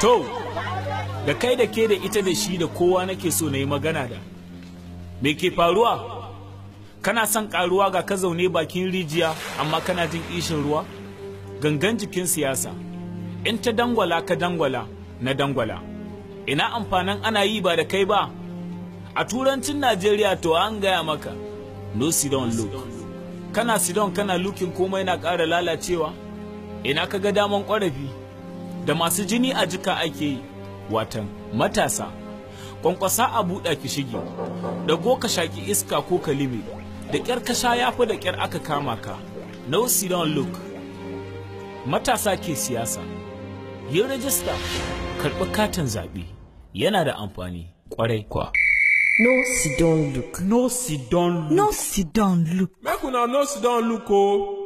to da kai da ke da ita da shi da kowa nake so na yi magana da me ke faruwa kana son karuwa ga ka zaune bakin rijiya amma kana jin ishin ruwa gangan jikin siyasa in ta dangwala ka dangwala na dangwala ina amfanin ana yi ba da kai ba a turancin najeriya to an gaya maka no sidon look kana sidon kana lukin komai na ƙara lalacewa ina ka ga daman ƙwarafi da masu jini a jika ake yi watan matasa kwankwasa a buɗa ki shige ɗago ka shaƙi iska ko ka libe da ƙyar ka sha fi da ƙyar aka kama ka no see don't look matasa ke siyasa yin rajista karɓi katin zaɓe yana da amfani ƙwarai kwa no see don't look no see don't look no see don't look make una no see don't look o oh.